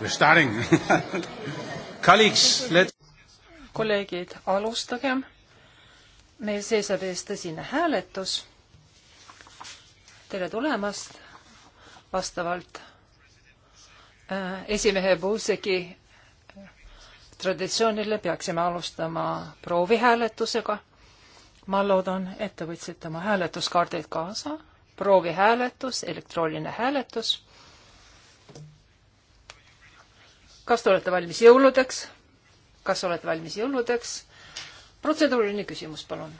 We're starting Colleagues, let... kolleegid, alustagem. meil seisab ees tõsine hääletus. tere tulemast vastavalt äh, esimehe Puuseki äh, traditsioonile peaksime alustama proovihääletusega. ma loodan, et te võtsite oma hääletuskaardid kaasa. proovihääletus, elektrooniline hääletus kas te olete valmis jõuludeks? kas olete valmis jõuludeks? protseduuriline küsimus, palun.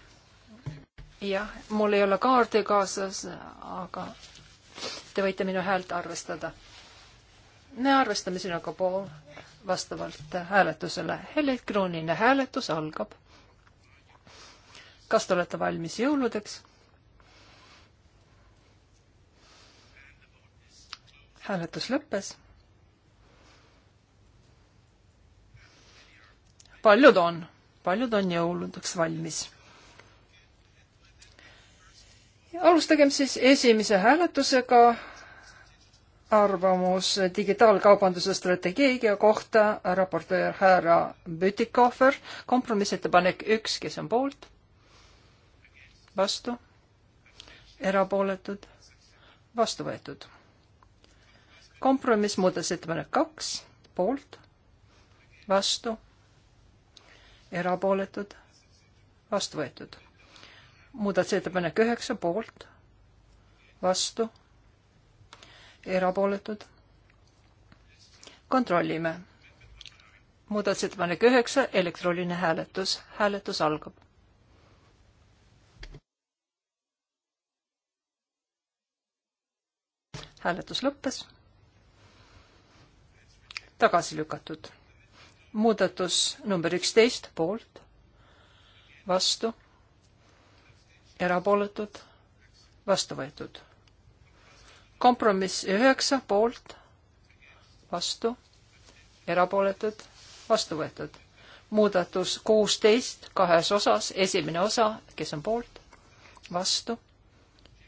jah, mul ei ole kaardi kaasas, aga te võite minu häält arvestada. me arvestame sinuga pool vastavalt hääletusele. elektrooniline hääletus algab. kas te olete valmis jõuludeks? hääletus lõppes paljud on, paljud on jõuludeks valmis. alustagem siis esimese hääletusega arvamus digitaalkaubanduse strateegia kohta, raportöör härra Bütikofer, kompromissettepanek üks, kes on poolt, vastu, erapooletud, vastu võetud. kompromiss muudatusettepanek kaks, poolt, vastu erapooletud, vastu võetud. muudatusettepanek üheksa poolt, vastu, erapooletud. kontrollime. muudatusettepanek üheksa, elektrooniline hääletus, hääletus algab. hääletus lõppes tagasi lükatud muudatus number üksteist poolt, vastu, erapooletud, vastu võetud. kompromiss üheksa poolt, vastu, erapooletud, vastu võetud. muudatus kuusteist kahes osas, esimene osa, kes on poolt, vastu,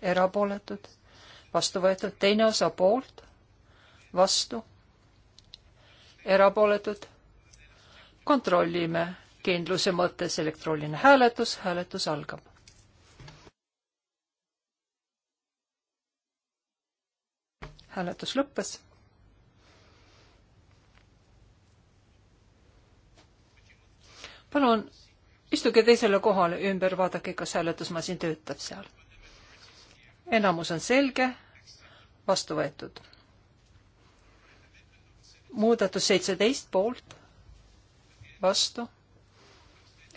erapooletud, vastu võetud, teine osa poolt, vastu, erapooletud, kontrollime kindluse mõttes elektrooniline hääletus, hääletus algab. hääletus lõppes. palun istuge teisele kohale, ümber vaadake, kas hääletusmasin töötab seal. enamus on selge, vastu võetud. muudatus seitseteist poolt vastu,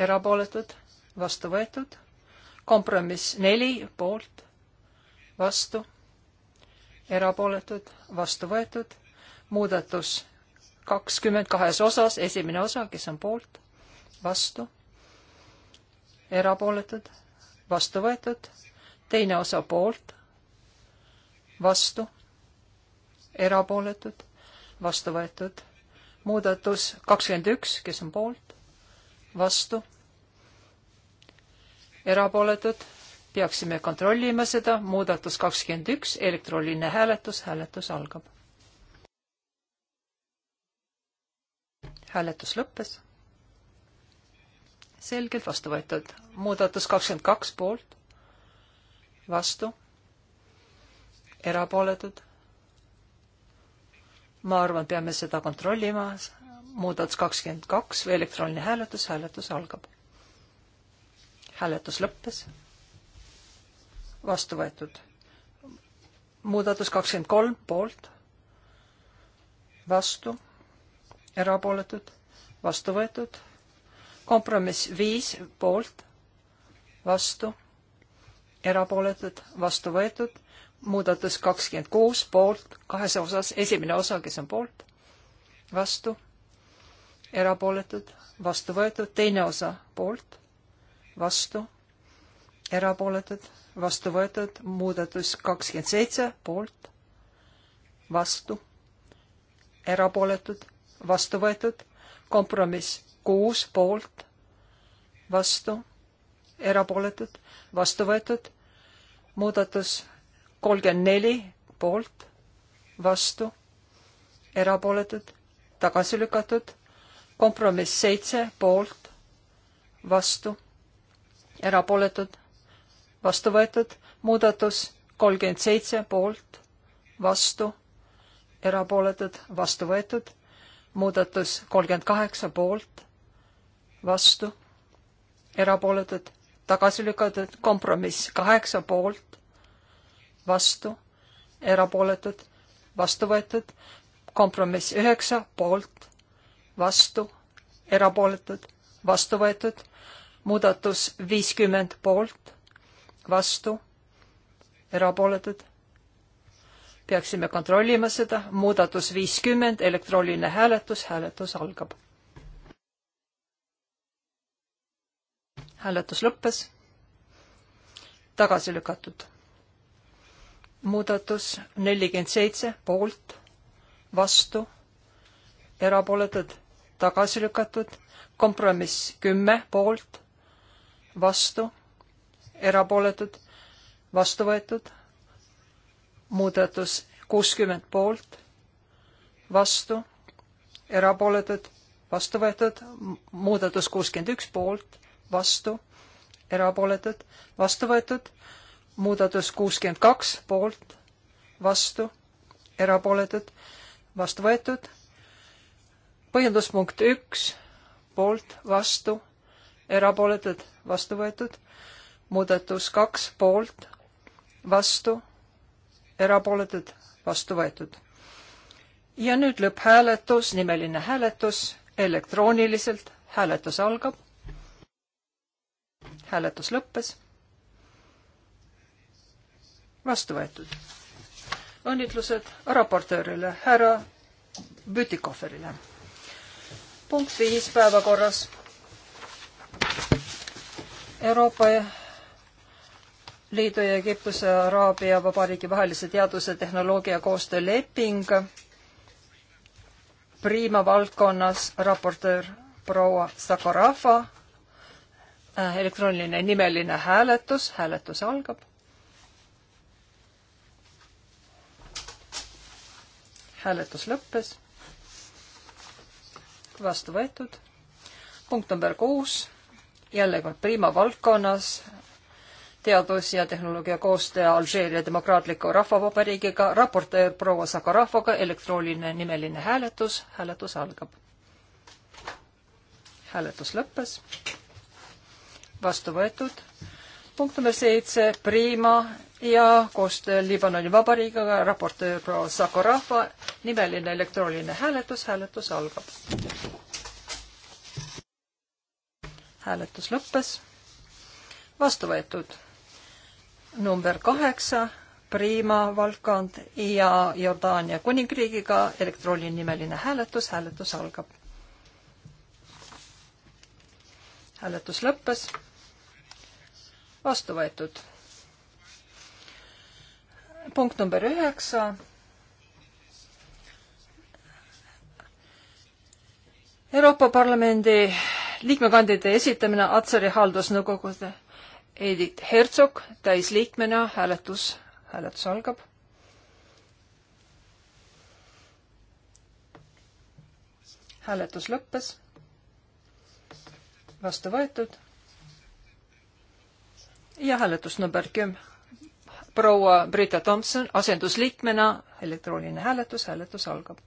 erapooletud, vastu võetud, kompromiss neli poolt, vastu, erapooletud, vastu võetud, muudatus kakskümmend kahes osas, esimene osa, kes on poolt, vastu, erapooletud, vastu võetud, teine osa poolt, vastu, erapooletud, vastu võetud muudatus kakskümmend üks, kes on poolt, vastu, erapooletud, peaksime kontrollima seda, muudatus kakskümmend üks, elektrooniline hääletus, hääletus algab. hääletus lõppes. selgelt vastu võetud, muudatus kakskümmend kaks poolt, vastu, erapooletud ma arvan, peame seda kontrollima. muudatus kakskümmend kaks või elektrooniline hääletus, hääletus algab. hääletus lõppes. vastu võetud. muudatus kakskümmend kolm poolt, vastu, erapooletud, vastu võetud. kompromiss viis poolt, vastu, erapooletud, vastu võetud muudatus kakskümmend kuus poolt kahes osas, esimene osa, kes on poolt, vastu, erapooletud, vastu võetud, teine osa poolt, vastu, erapooletud, vastu võetud, muudatus kakskümmend seitse poolt, vastu, erapooletud, vastu võetud, kompromiss kuus poolt, vastu, erapooletud, vastu võetud, muudatus kolmkümmend neli poolt, vastu, erapooletud, tagasi lükatud, kompromiss seitse poolt, vastu, erapooletud, vastu võetud, muudatus kolmkümmend seitse poolt, vastu, erapooletud, vastu võetud, muudatus kolmkümmend kaheksa poolt, vastu, erapooletud, tagasi lükatud, kompromiss kaheksa poolt, vastu, erapooletud, vastu võetud, kompromiss üheksa, poolt, vastu, erapooletud, vastu võetud, muudatus viiskümmend poolt, vastu, erapooletud. peaksime kontrollima seda, muudatus viiskümmend, elektrooniline hääletus, hääletus algab. hääletus lõppes tagasi lükatud muudatus nelikümmend seitse poolt, vastu, erapooletud, tagasi lükatud, kompromiss kümme poolt, vastu, erapooletud, vastu võetud, muudatus kuuskümmend poolt, vastu, erapooletud, vastu võetud, muudatus kuuskümmend üks poolt, vastu, erapooletud, vastu võetud, muudatus kuuskümmend kaks poolt, vastu, erapooletud, vastu võetud. põhjenduspunkt üks, poolt, vastu, erapooletud, vastu võetud. muudatus kaks, poolt, vastu, erapooletud, vastu võetud. ja nüüd lõpphääletus, nimeline hääletus, elektrooniliselt hääletus algab. hääletus lõppes vastu võetud. õnnitlused raportöörile, härra Bütikoferile. punkt viis päevakorras. Euroopa Liidu ja Egiptuse Araabia Vabariigi vahelise teaduse tehnoloogia koostööleping. Priima valdkonnas raportöör proua Sakorafa. Äh, elektrooniline nimeline hääletus, hääletus algab hääletus lõppes. vastu võetud. punkt number kuus, jälle kord Prima valdkonnas teadus- ja tehnoloogiakoostöö Alžeeria Demokraatliku Rahvavabariigiga, raportöör proua Sakarafoga, elektrooniline nimeline hääletus, hääletus algab. hääletus lõppes. vastu võetud. punkt number seitse, Prima ja koostöö Liibanoni Vabariigiga raportöör proua Sako Rahva nimeline elektrooniline hääletus, hääletus algab. hääletus lõppes. vastu võetud number kaheksa, Prima valdkond ja Jordaania kuningriigiga elektrooniline nimeline hääletus, hääletus algab. hääletus lõppes. vastu võetud punkt number üheksa. Euroopa Parlamendi liikmekandide esitamine Atsari haldusnõukogude. Edith Herzog täisliikmena hääletus, hääletus algab. hääletus lõppes. vastu võetud. ja hääletus number kümme proua Brita Tomson asendusliikmena, elektrooniline hääletus, hääletus algab.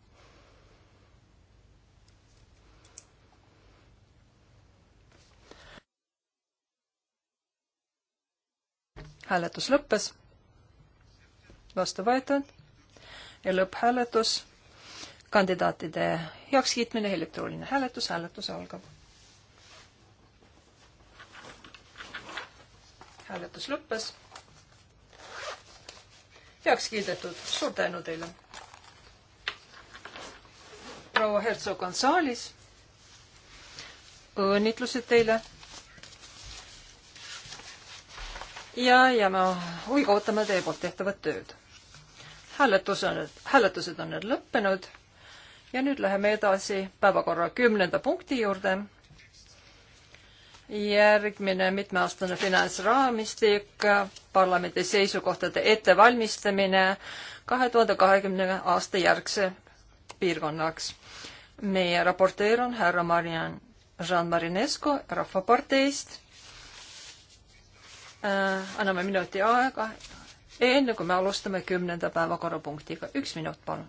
hääletus lõppes, vastu võetud ja lõpphääletus, kandidaatide heakskiitmine, elektrooniline hääletus, hääletus algab hääletus lõppes heaks kiidetud. suur tänu teile. proua Hertsog on saalis. õnnitlused teile. ja, ja me huviga ootame teie poolt tehtavat tööd. hääletus on, hääletused on nüüd lõppenud ja nüüd läheme edasi päevakorra kümnenda punkti juurde järgmine mitmeaastane finantsraamistik, parlamendi seisukohtade ettevalmistamine kahe tuhande kahekümne aasta järgse piirkonnaks. meie raporteer on härra Marian Jean Marinescu Rahvaparteist. Äh, anname minuti aega, enne kui me alustame kümnenda päevakorrapunktiga. üks minut, palun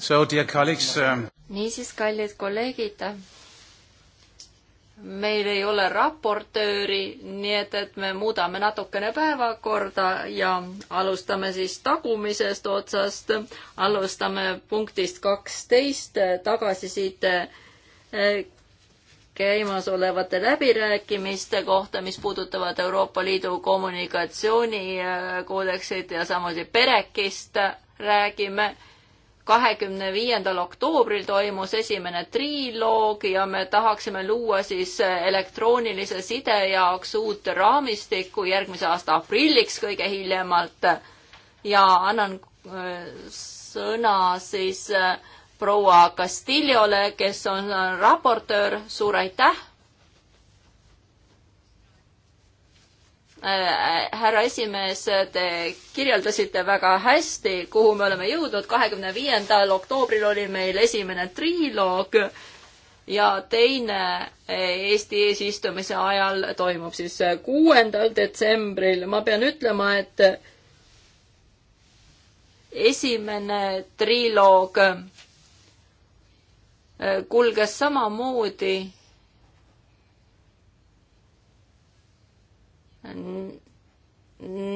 Um, niisiis, kallid kolleegid, meil ei ole raportööri, nii et, et me muudame natukene päevakorda ja alustame siis tagumisest otsast. alustame punktist kaksteist, tagasiside eh, käimasolevate läbirääkimiste kohta, mis puudutavad Euroopa Liidu kommunikatsioonikoodeksit eh, ja samuti perekist räägime kahekümne viiendal oktoobril toimus esimene triloog ja me tahaksime luua siis elektroonilise side jaoks uut raamistikku järgmise aasta aprilliks kõige hiljemalt ja annan äh, sõna siis äh, proua Castillole, kes on äh, raportöör, suur aitäh Äh, äh, härra esimees, te kirjeldasite väga hästi, kuhu me oleme jõudnud. kahekümne viiendal oktoobril oli meil esimene triloog ja teine Eesti eesistumise ajal toimub siis kuuendal detsembril. ma pean ütlema, et esimene triloog äh, kulges samamoodi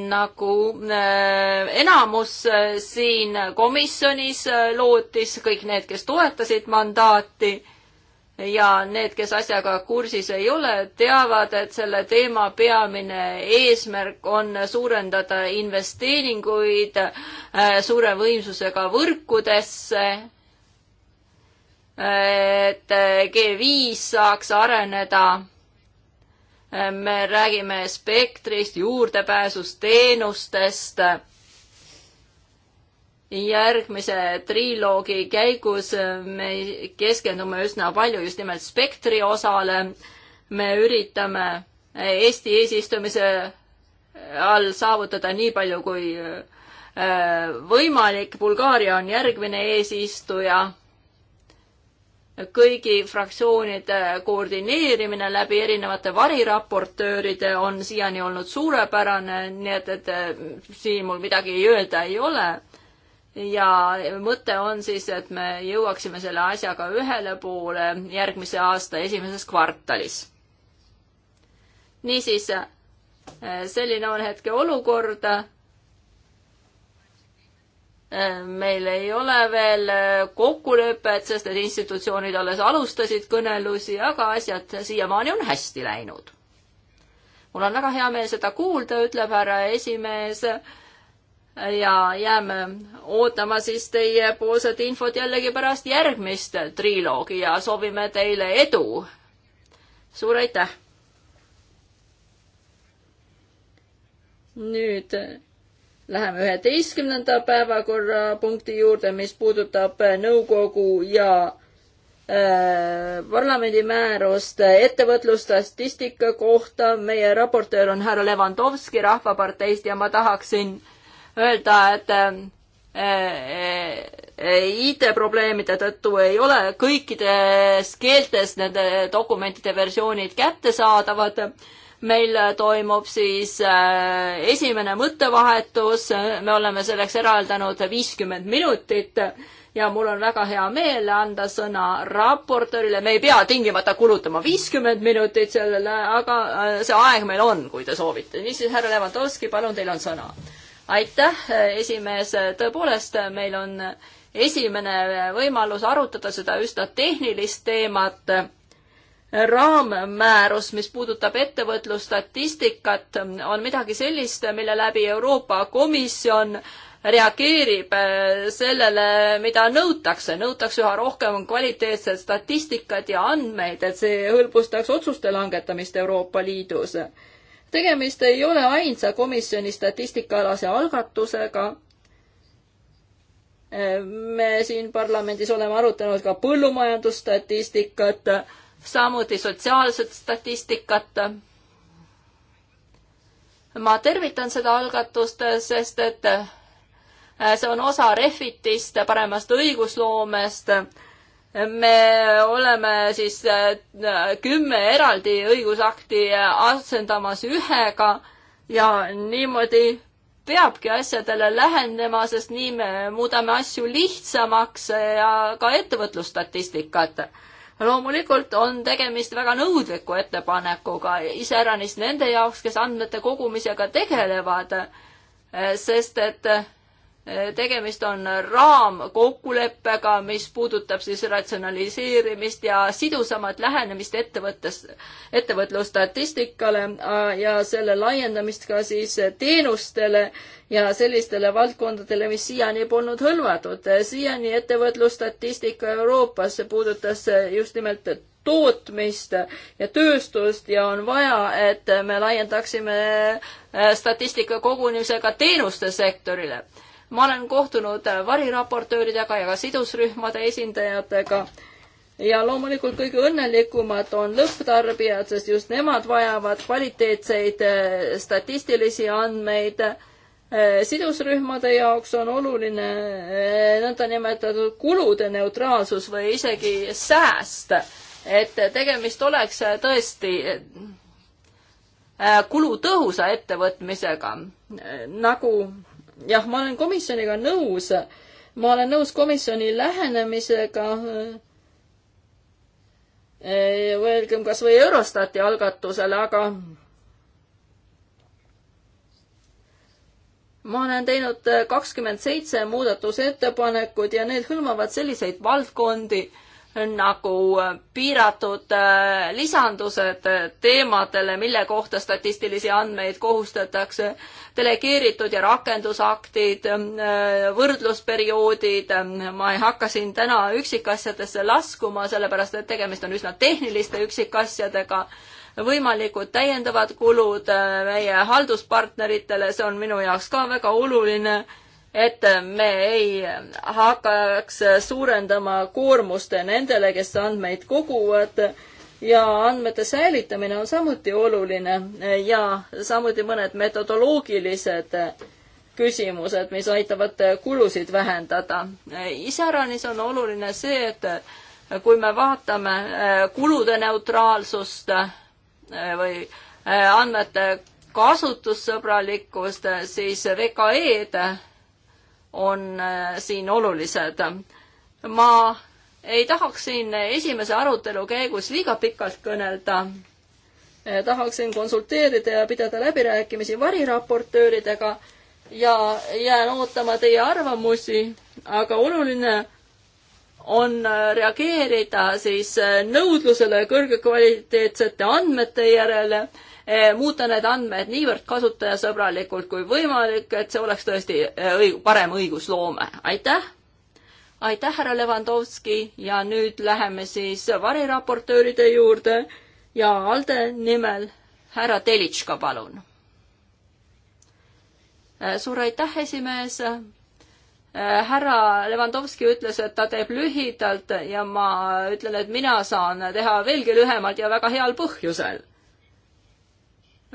nagu äh, enamus äh, siin komisjonis äh, lootis, kõik need, kes toetasid mandaati ja need, kes asjaga kursis ei ole, teavad, et selle teema peamine eesmärk on suurendada investeeringuid suure võimsusega võrkudesse, et G5 saaks areneda me räägime spektrist, juurdepääsust, teenustest. järgmise triloogi käigus me keskendume üsna palju just nimelt spektri osale. me üritame Eesti eesistumise all saavutada nii palju kui äh, võimalik. Bulgaaria on järgmine eesistuja kõigi fraktsioonide koordineerimine läbi erinevate variraportööride on siiani olnud suurepärane, nii et, et siin mul midagi öelda ei ole. ja mõte on siis, et me jõuaksime selle asjaga ühele poole järgmise aasta esimeses kvartalis. niisiis, selline on hetkeolukord meil ei ole veel kokkulepet, sest need institutsioonid alles alustasid kõnelusi, aga asjad siiamaani on hästi läinud. mul on väga hea meel seda kuulda, ütleb härra esimees. ja jääme ootama siis teiepoolset infot jällegi pärast järgmist triloogi ja soovime teile edu. suur aitäh! nüüd Läheme üheteistkümnenda päevakorrapunkti juurde, mis puudutab äh, nõukogu ja äh, parlamendi määrust ettevõtlusstatistika kohta. meie raportöör on härra Levanovski Rahvaparteist ja ma tahaksin öelda, et äh, IT-probleemide tõttu ei ole kõikides keeltes nende dokumentide versioonid kättesaadavad meil toimub siis äh, esimene mõttevahetus, me oleme selleks eraldanud viiskümmend minutit ja mul on väga hea meel anda sõna raportöörile, me ei pea tingimata kulutama viiskümmend minutit sellele, aga äh, see aeg meil on, kui te soovite. niisiis, härra Levanovski, palun, teil on sõna. aitäh, esimees, tõepoolest, meil on esimene võimalus arutada seda üsna tehnilist teemat raammäärus, mis puudutab ettevõtlusstatistikat, on midagi sellist, mille läbi Euroopa Komisjon reageerib äh, sellele, mida nõutakse, nõutakse üha rohkem kvaliteetset statistikat ja andmeid, et see hõlbustaks otsuste langetamist Euroopa Liidus. tegemist ei ole ainsa komisjoni statistikaalase algatusega. Äh, me siin parlamendis oleme arutanud ka põllumajandusstatistikat samuti sotsiaalset statistikat. ma tervitan seda algatust, sest et äh, see on osa Refitist, paremast õigusloomest. me oleme siis äh, kümme eraldi õigusakti asendamas ühega ja niimoodi peabki asjadele lähenema, sest nii me muudame asju lihtsamaks ja ka ettevõtlusstatistikat loomulikult on tegemist väga nõudliku ettepanekuga, iseäranis nende jaoks, kes andmete kogumisega tegelevad, eh, sest et tegemist on raamkokkuleppega, mis puudutab siis ratsionaliseerimist ja sidusamat lähenemist ettevõttes, ettevõtlusstatistikale äh, ja selle laiendamist ka siis teenustele ja sellistele valdkondadele, mis siiani polnud hõlmatud. siiani ettevõtlusstatistika Euroopas puudutas just nimelt tootmist ja tööstust ja on vaja, et me laiendaksime äh, statistika kogunemise ka teenuste sektorile ma olen kohtunud äh, variraportööridega ja ka sidusrühmade esindajatega ja loomulikult kõige õnnelikumad on lõpptarbijad, sest just nemad vajavad kvaliteetseid äh, statistilisi andmeid. Äh, sidusrühmade jaoks on oluline nõndanimetatud kulude neutraalsus või isegi sääst, et tegemist oleks tõesti kulutõhusa ettevõtmisega, nagu jah, ma olen komisjoniga nõus. ma olen nõus komisjoni lähenemisega. Öelgem kas või Eurostati algatusele, aga ma olen teinud kakskümmend seitse muudatusettepanekut ja need hõlmavad selliseid valdkondi, nagu äh, piiratud äh, lisandused äh, teemadele, mille kohta statistilisi andmeid kohustatakse, delegeeritud ja rakendusaktid, võrdlusperioodid, ma ei hakka siin täna üksikasjadesse laskuma, sellepärast et tegemist on üsna tehniliste üksikasjadega, võimalikud täiendavad kulud meie halduspartneritele, see on minu jaoks ka väga oluline et me ei hakkaks suurendama koormust nendele, kes andmeid koguvad ja andmete säilitamine on samuti oluline ja samuti mõned metodoloogilised küsimused, mis aitavad kulusid vähendada. iseäranis on oluline see, et kui me vaatame eh, kulude neutraalsust eh, või eh, andmete kasutussõbralikkust, siis VKE-d on äh, siin olulised. ma ei tahaks siin esimese arutelu käigus liiga pikalt kõnelda. Äh, tahaksin konsulteerida ja pidada läbirääkimisi variraportööridega ja jään ootama teie arvamusi, aga oluline on äh, reageerida siis nõudlusele kõrgekvaliteetsete andmete järele Eh, muuta need andmed niivõrd kasutajasõbralikult kui võimalik, et see oleks tõesti eh, õig-, parem õigusloome. aitäh! aitäh, härra Levanovski ja nüüd läheme siis variraportööride juurde ja ALDE nimel härra Telitška, palun. Eh, suur aitäh, esimees härra Levanovski ütles, et ta teeb lühidalt ja ma ütlen, et mina saan teha veelgi lühemalt ja väga heal põhjusel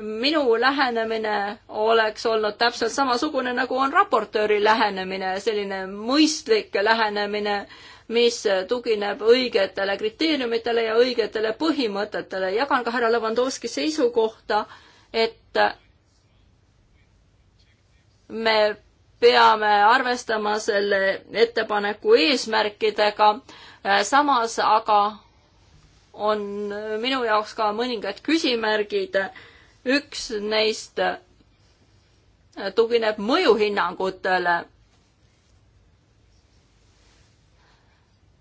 minu lähenemine oleks olnud täpselt samasugune, nagu on raportööri lähenemine, selline mõistlik lähenemine, mis tugineb õigetele kriteeriumitele ja õigetele põhimõtetele. jagan ka härra Levandovski seisukohta, et me peame arvestama selle ettepaneku eesmärkidega, samas aga on minu jaoks ka mõningad küsimärgid äh, üks neist äh, tugineb mõjuhinnangutele.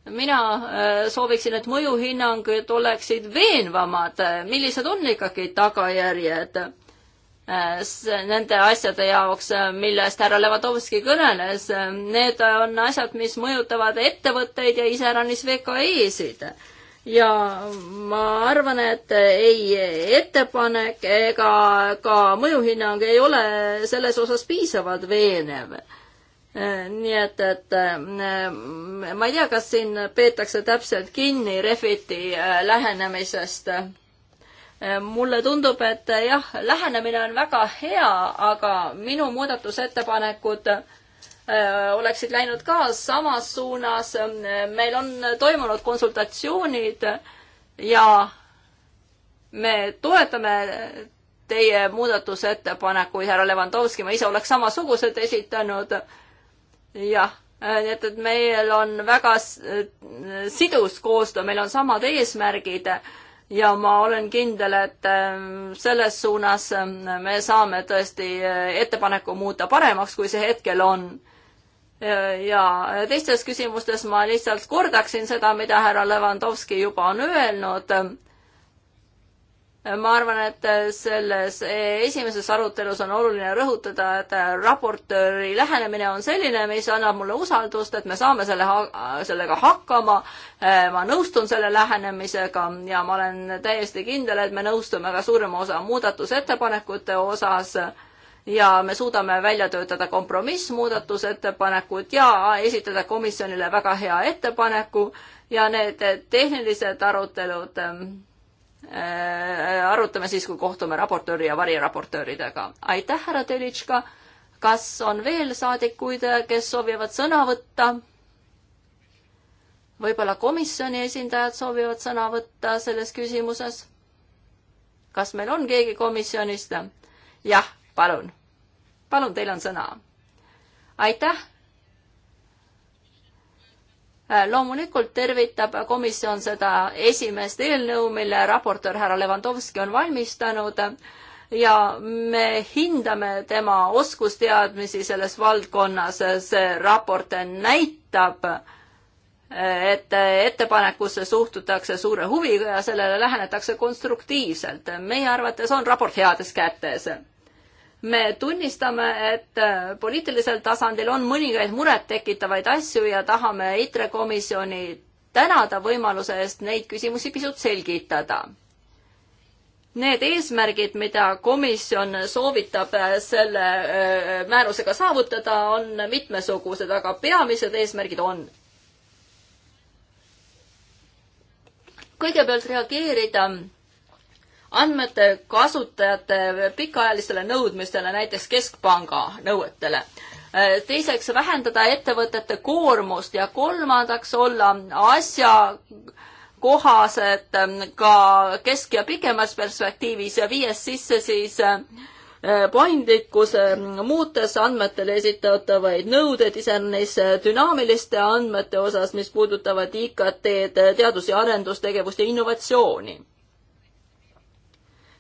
mina äh, sooviksin, et mõjuhinnangud oleksid veenvamad, millised on ikkagi tagajärjed äh, nende asjade jaoks, millest härra Levatovski kõneles. Need on asjad, mis mõjutavad ettevõtteid ja iseäranis VKE-sid ja ma arvan, et ei ettepanek ega ka mõjuhinnang ei ole selles osas piisavalt veenev nii et, et eh, ma ei tea, kas siin peetakse täpselt kinni Refiti eh, lähenemisest. Eh, mulle tundub, et jah, lähenemine on väga hea, aga minu muudatusettepanekud äh, Äh, oleksid läinud ka samas suunas. meil on toimunud konsultatsioonid ja me toetame teie muudatusettepanekuid, härra Levanovski, ma ise oleks samasugused esitanud. jah, äh, nii et, et meil on väga äh, sidus koostöö, meil on samad eesmärgid ja ma olen kindel, et selles suunas me saame tõesti ettepaneku muuta paremaks, kui see hetkel on ja teistes küsimustes ma lihtsalt kordaksin seda, mida härra Levanovski juba on öelnud. ma arvan, et selles esimeses arutelus on oluline rõhutada, et raportööri lähenemine on selline, mis annab mulle usaldust, et me saame selle, sellega hakkama. ma nõustun selle lähenemisega ja ma olen täiesti kindel, et me nõustume ka suurema osa muudatusettepanekute osas ja me suudame välja töötada kompromissmuudatusettepanekud ja esitada komisjonile väga hea ettepaneku ja need tehnilised arutelud äh, arutame siis, kui kohtume raportööri ja variraportööridega. aitäh, härra Telitška. kas on veel saadikuid, kes soovivad sõna võtta? võib-olla komisjoni esindajad soovivad sõna võtta selles küsimuses? kas meil on keegi komisjonist? jah, palun, palun, teil on sõna. aitäh. Äh, loomulikult tervitab komisjon seda esimest eelnõu, mille raportöör härra Levanovski on valmistanud ja me hindame tema oskusteadmisi selles valdkonnas, see raport näitab, et ettepanekusse suhtutakse suure huviga ja sellele lähenetakse konstruktiivselt. meie arvates on raport heades kätes me tunnistame, et äh, poliitilisel tasandil on mõningaid murettekitavaid asju ja tahame ITRE komisjoni tänada võimaluse eest neid küsimusi pisut selgitada. Need eesmärgid, mida komisjon soovitab äh, selle äh, määrusega saavutada, on mitmesugused, aga peamised eesmärgid on kõigepealt reageerida andmete kasutajate pikaajalistele nõudmistele, näiteks keskpanga nõuetele. Äh, teiseks, vähendada ettevõtete koormust ja kolmandaks olla asja kohased ähm, ka kesk- ja pikemas perspektiivis ja viies sisse siis äh, paindlikkuse, ähm, muutes andmetele esitatavaid nõudeid, iseäranis äh, dünaamiliste andmete osas, mis puudutavad IKT-d, teadus- ja arendustegevust ja innovatsiooni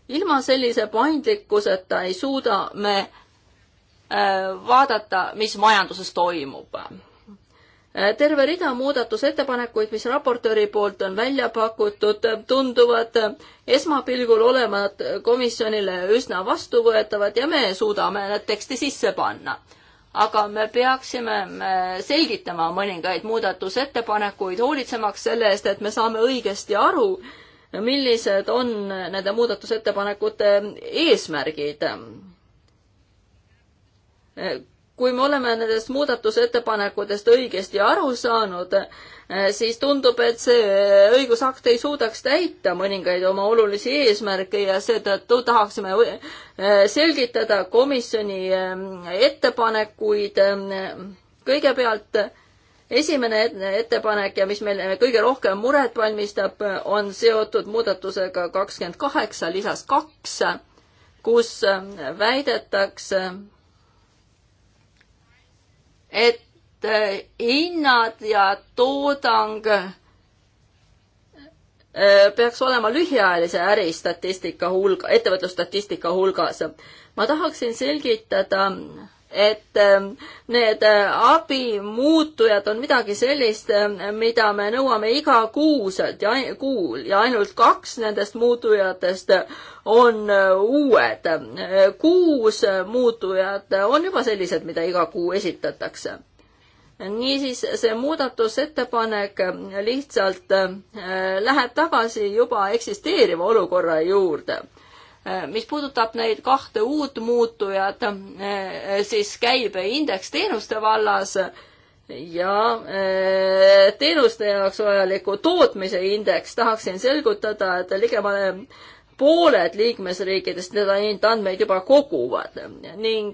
ilma sellise paindlikkuseta ei suuda me äh, vaadata, mis majanduses toimub. Äh, terve rida muudatusettepanekuid, mis raportööri poolt on välja pakutud, tunduvad esmapilgul olevat komisjonile üsna vastuvõetavad ja me suudame need teksti sisse panna. aga me peaksime äh, selgitama mõningaid muudatusettepanekuid, hoolitsemaks selle eest, et me saame õigesti aru, millised on nende muudatusettepanekute eesmärgid? kui me oleme nendest muudatusettepanekutest õigesti aru saanud, siis tundub, et see õigusakt ei suudaks täita mõningaid oma olulisi eesmärke ja seetõttu tahaksime äh, selgitada komisjoni äh, ettepanekuid. kõigepealt esimene ettepanek ja mis meile kõige rohkem muret valmistab, on seotud muudatusega kakskümmend kaheksa lisas kaks, kus väidetakse, et hinnad ja toodang äh, peaks olema lühiajalise äristatistika hulga, ettevõtlusstatistika hulgas. ma tahaksin selgitada et ähm, need äh, abimuutujad on midagi sellist, ähm, mida me nõuame iga kuuselt ja kuul ja ainult kaks nendest muutujatest on äh, uued. Äh, kuus muutujat on juba sellised, mida iga kuu esitatakse. niisiis see muudatusettepanek lihtsalt läheb tagasi juba eksisteeriva olukorra juurde Äh, mis puudutab neid kahte uut muutujat, äh, siis käibeindeks teenuste vallas ja äh, teenuste jaoks vajaliku tootmise indeks, tahaksin selgutada, et ligemale pooled liikmesriikidest neid andmeid juba koguvad ning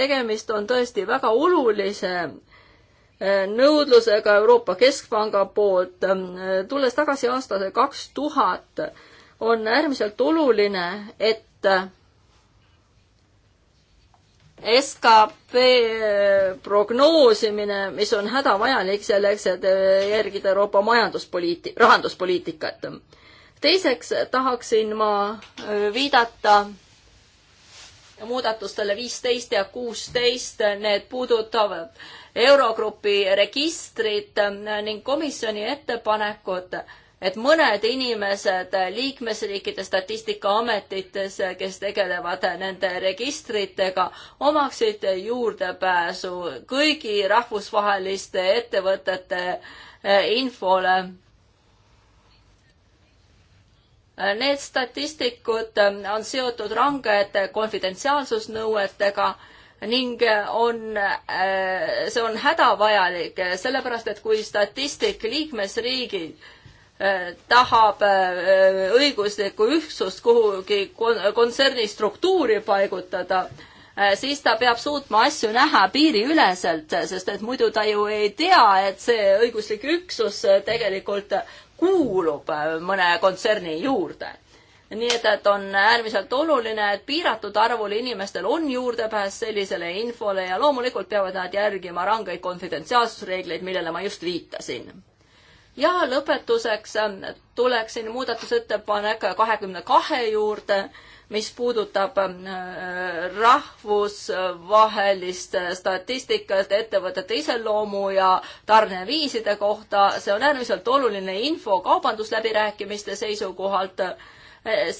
tegemist on tõesti väga olulise nõudlusega Euroopa Keskpanga poolt. tulles tagasi aastasse kaks tuhat, on äärmiselt oluline, et skp prognoosimine, mis on hädavajalik selleks, et järgida Euroopa majanduspoliiti-, rahanduspoliitikat. teiseks tahaksin ma äh, viidata muudatustele viisteist ja kuusteist, need puudutavad Eurogrupi registrit ning komisjoni ettepanekut äh, et mõned inimesed liikmesriikide statistikaametitest, kes tegelevad nende registritega, omaksid juurdepääsu kõigi rahvusvaheliste ettevõtete eh, infole. Need statistikud on seotud rangete konfidentsiaalsusnõuetega ning on, eh, see on hädavajalik, sellepärast et kui statistik liikmesriigid tahab äh, õiguslikku ühtsust kuhugi kontserni struktuuri paigutada, äh, siis ta peab suutma asju näha piiriüleselt, sest et muidu ta ju ei tea, et see õiguslik üksus tegelikult kuulub äh, mõne kontserni juurde nii et, et on äärmiselt oluline, et piiratud arvul inimestel on juurdepääs sellisele infole ja loomulikult peavad nad järgima rangeid konfidentsiaalsusreegleid, millele ma just viitasin ja lõpetuseks ähm, tuleksin muudatusettepanek kahekümne kahe juurde, mis puudutab ähm, äh, rahvusvahelist äh, statistikat ettevõtete iseloomu ja tarneviiside kohta. see on äärmiselt oluline info kaubandusläbirääkimiste seisukohalt äh,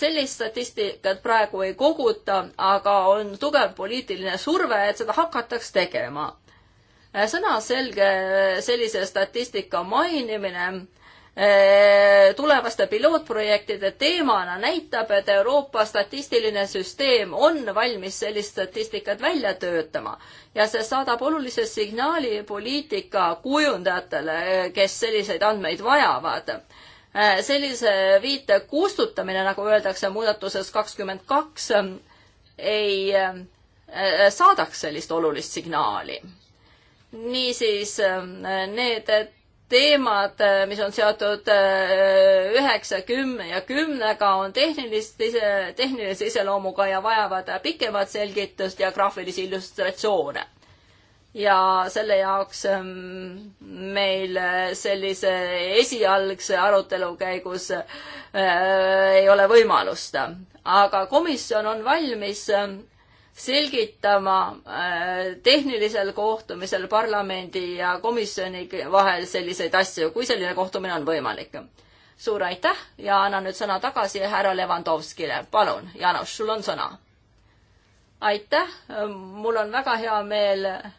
sellist statistikat praegu ei koguta, aga on tugev poliitiline surve, et seda hakataks tegema sõnaselge sellise statistika mainimine eh, tulevaste pilootprojektide teemana näitab, et Euroopa statistiline süsteem on valmis sellist statistikat välja töötama ja see saadab olulise signaali poliitika kujundajatele, kes selliseid andmeid vajavad. Eh, sellise viite kustutamine, nagu öeldakse muudatuses kakskümmend kaks, eh, ei saadaks sellist olulist signaali niisiis äh, need teemad, äh, mis on seotud äh, üheksa, kümme ja kümnega, on tehnilist, tehnilise iseloomuga ja vajavad pikemat selgitust ja graafilisi illustratsioone. ja selle jaoks ähm, meil sellise esialgse arutelu käigus ei ole võimalust. aga komisjon on valmis ähm, selgitama äh, tehnilisel kohtumisel parlamendi ja komisjoni vahel selliseid asju, kui selline kohtumine on võimalik. suur aitäh ja annan nüüd sõna tagasi härra Levandovskile. palun, Janos, sul on sõna. aitäh, mul on väga hea meel äh,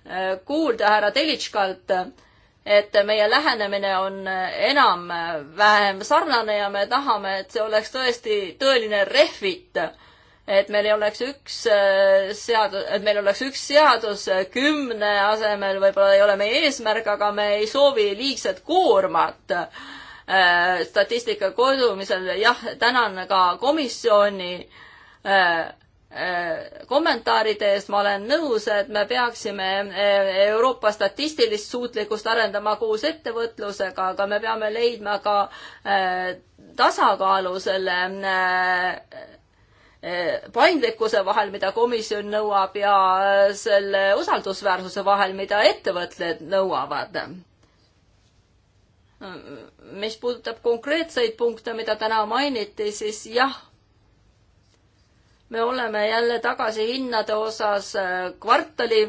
kuulda härra Telitškalt, et meie lähenemine on äh, enam-vähem sarnane ja me tahame, et see oleks tõesti tõeline rehvit et meil ei oleks üks äh, seadus, et meil oleks üks seadus äh, kümne asemel, võib-olla ei ole meie eesmärk, aga me ei soovi liigset koormat äh, statistika kodumisel. jah, tänan ka komisjoni kommentaaride eest ma olen nõus, et me peaksime Euroopa statistilist suutlikkust arendama koos ettevõtlusega, aga me peame leidma ka tasakaalu selle paindlikkuse vahel, mida komisjon nõuab ja selle usaldusväärsuse vahel, mida ettevõtted nõuavad. mis puudutab konkreetseid punkte, mida täna mainiti, siis jah, me oleme jälle tagasi hinnade osas äh, kvartali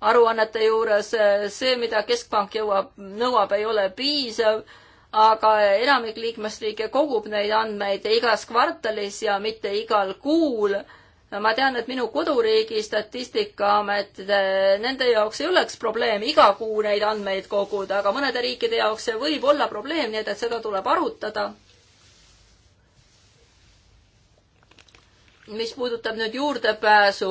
aruannete juures, äh, see, mida Keskpank jõuab, nõuab, ei ole piisav aga enamik liikmesriike kogub neid andmeid igas kvartalis ja mitte igal kuul. ma tean, et minu koduriigi Statistikaamet, nende jaoks ei oleks probleem iga kuu neid andmeid koguda, aga mõnede riikide jaoks see võib olla probleem, nii et, et seda tuleb arutada. mis puudutab nüüd juurdepääsu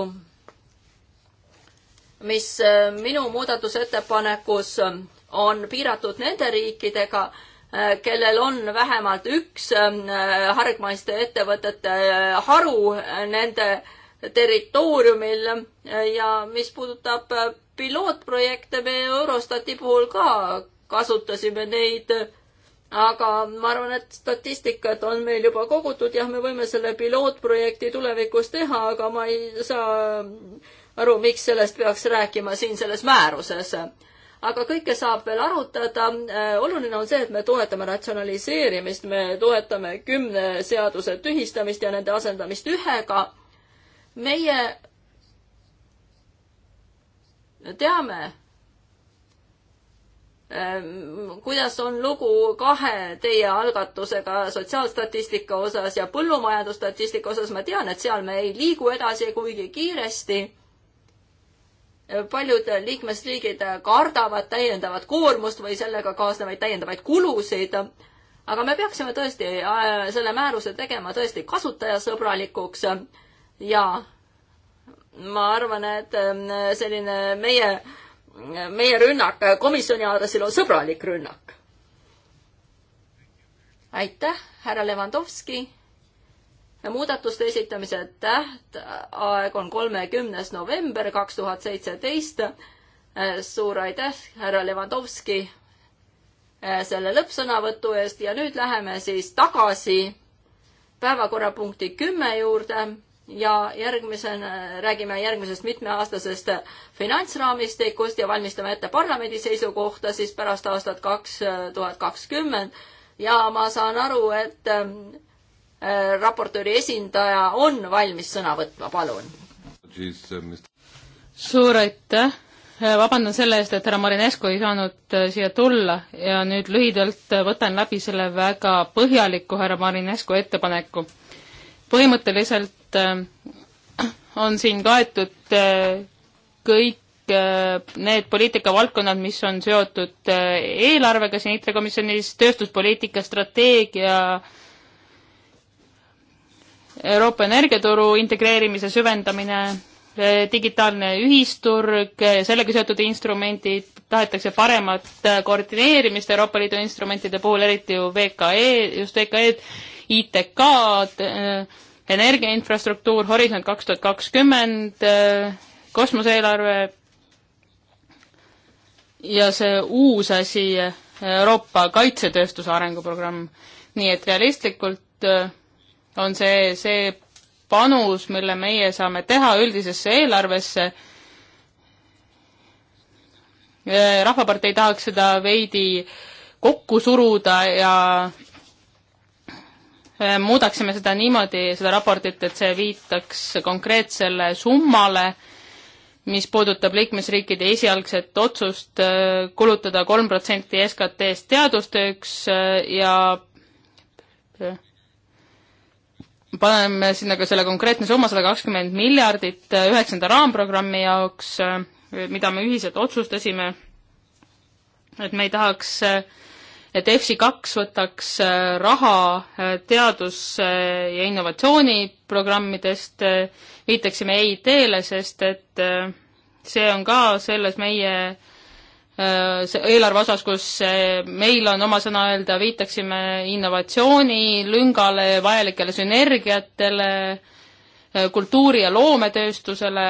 mis eh, minu muudatusettepanekus on piiratud nende riikidega, Äh, kellel on vähemalt üks ähm, äh, hargmaiste ettevõtete äh, haru nende territooriumil ja mis puudutab pilootprojekte, me Eurostati puhul ka kasutasime neid, aga ma arvan, et statistikat on meil juba kogutud, jah, me võime selle pilootprojekti tulevikus teha, aga ma ei saa ähm, aru, miks sellest peaks rääkima siin selles määruses aga kõike saab veel arutada. Äh, oluline on see, et me toetame ratsionaliseerimist, me toetame kümne seaduse tühistamist ja nende asendamist ühega. meie teame, ähm, kuidas on lugu kahe teie algatusega sotsiaalstatistika osas ja põllumajandusstatistika osas, ma tean, et seal me ei liigu edasi kuigi kiiresti paljud liikmesriigid kardavad täiendavat koormust või sellega kaasnevaid täiendavaid kulusid. aga me peaksime tõesti äh, selle määruse tegema tõesti kasutajasõbralikuks ja ma arvan, et äh, selline meie, meie rünnak komisjoni aadressil on sõbralik rünnak. aitäh, härra Levanovski muudatuste esitamise tähtaeg on kolmekümnes november kaks tuhat seitseteist. Äh, suur aitäh, härra Levanovski, äh, selle lõppsõnavõtu eest ja nüüd läheme siis tagasi päevakorrapunkti kümme juurde ja järgmisena räägime järgmisest mitmeaastasest finantsraamistikust ja valmistame ette parlamendi seisukohta siis pärast aastat kaks tuhat kakskümmend. ja ma saan aru, et ähm, Äh, raportööri esindaja on valmis sõna võtma, palun. Äh, suur aitäh, äh, vabandan selle eest, et härra Marinesko ei saanud siia tulla ja nüüd lühidalt võtan läbi selle väga põhjaliku härra Marinesko ettepaneku. põhimõtteliselt on siin kaetud kõik need poliitikavaldkonnad, mis on seotud eelarvega siin IT-komisjonis, tööstuspoliitika, strateegia, Euroopa energiaturu integreerimise süvendamine, digitaalne ühisturg, sellega seotud instrumendid, tahetakse paremat koordineerimist Euroopa Liidu instrumentide puhul, eriti ju VKE, just VKE-d, ITK-d, energiainfrastruktuur, Horisont kaks tuhat kakskümmend, kosmoseeelarve ja see uus asi, Euroopa kaitsetööstuse arenguprogramm. nii et realistlikult on see, see panus, mille meie saame teha üldisesse eelarvesse. rahvapartei tahaks seda veidi kokku suruda ja e, muudaksime seda niimoodi, seda raportit, et see viitaks konkreetsele summale, mis puudutab liikmesriikide esialgset otsust e, kulutada kolm protsenti SKT-st teadustööks e, ja paneme sinna ka selle konkreetne summa, sada kakskümmend miljardit äh, üheksanda raamprogrammi jaoks, äh, mida me ühiselt otsustasime, et me ei tahaks, äh, et EFSI kaks võtaks raha teadus- ja innovatsiooniprogrammidest, viitaksime EIT-le, sest et see on ka selles meie Äh, eelarve osas, kus äh, meil on oma sõna öelda, viitaksime innovatsioonilüngale, vajalikele sünergiatele, äh, kultuuri- ja loometööstusele